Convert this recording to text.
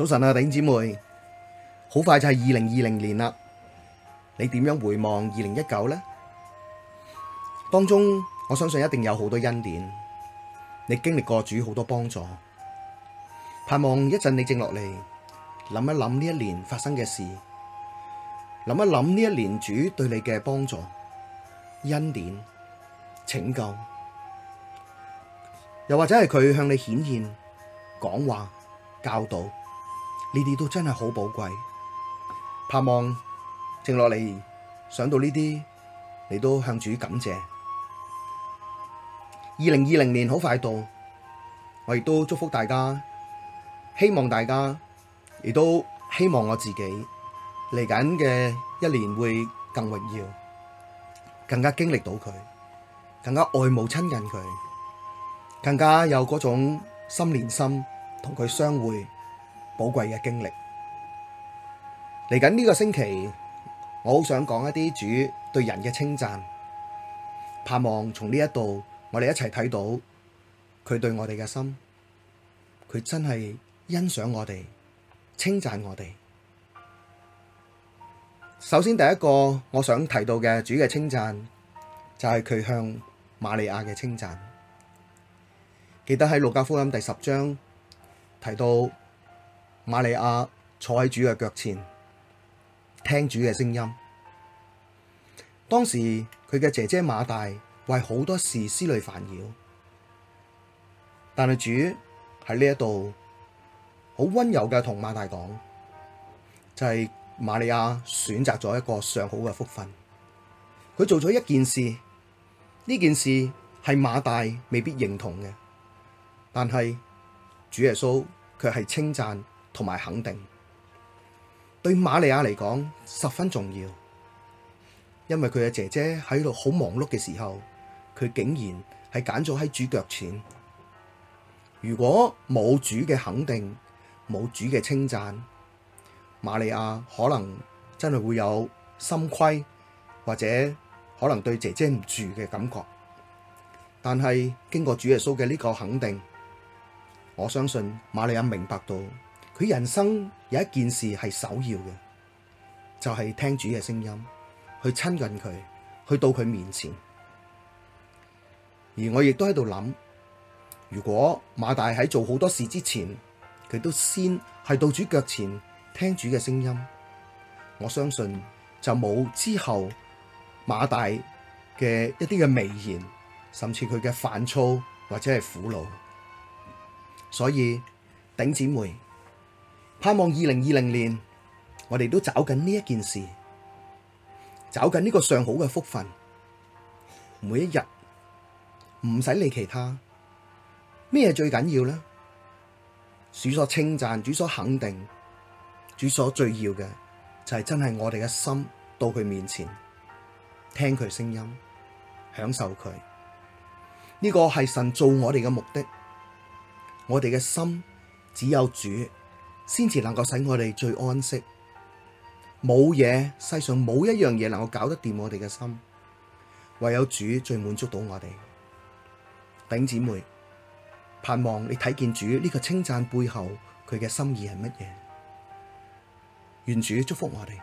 早晨啊，弟兄姊妹，好快就係二零二零年啦。你點樣回望二零一九呢？當中我相信一定有好多恩典，你經歷過主好多幫助。盼望一陣你靜落嚟，諗一諗呢一年發生嘅事，諗一諗呢一年主對你嘅幫助、恩典、拯救，又或者係佢向你顯現、講話、教導。呢啲都真係好寶貴，盼望靜落嚟想到呢啲，你都向主感謝。二零二零年好快到，我亦都祝福大家，希望大家亦都希望我自己嚟緊嘅一年會更榮耀，更加經歷到佢，更加愛慕親近佢，更加有嗰種心連心同佢相會。寶貴嘅經歷，嚟緊呢個星期，我好想講一啲主對人嘅稱讚。盼望從呢一度，我哋一齊睇到佢對我哋嘅心，佢真係欣賞我哋，稱讚我哋。首先第一個我想提到嘅主嘅稱讚，就係佢向瑪利亞嘅稱讚。記得喺路加福音第十章提到。瑪利亞坐喺主嘅腳前，聽主嘅聲音。當時佢嘅姐姐馬大為好多事思慮煩擾，但係主喺呢一度好溫柔嘅同馬大講，就係瑪利亞選擇咗一個上好嘅福分。佢做咗一件事，呢件事係馬大未必認同嘅，但係主耶穌卻係稱讚。同埋肯定，對馬利亞嚟講十分重要，因為佢嘅姐姐喺度好忙碌嘅時候，佢竟然係揀咗喺主腳前。如果冇主嘅肯定，冇主嘅稱讚，馬利亞可能真係會有心虧，或者可能對姐姐唔住嘅感覺。但係經過主耶穌嘅呢個肯定，我相信馬利亞明白到。佢人生有一件事係首要嘅，就係聽主嘅聲音，去親近佢，去到佢面前。而我亦都喺度諗，如果馬大喺做好多事之前，佢都先係到主腳前聽主嘅聲音，我相信就冇之後馬大嘅一啲嘅微言，甚至佢嘅煩躁或者係苦惱。所以頂姊妹。盼望二零二零年，我哋都抓緊呢一件事，抓緊呢個上好嘅福分。每一日唔使理其他，咩最緊要呢？主所稱讚，主所肯定，主所最要嘅就係真係我哋嘅心到佢面前，聽佢聲音，享受佢。呢個係神做我哋嘅目的。我哋嘅心只有主。先至能夠使我哋最安息，冇嘢，世上冇一樣嘢能夠搞得掂我哋嘅心，唯有主最滿足到我哋。弟兄姊妹，盼望你睇見主呢個稱讚背後，佢嘅心意係乜嘢？願主祝福我哋。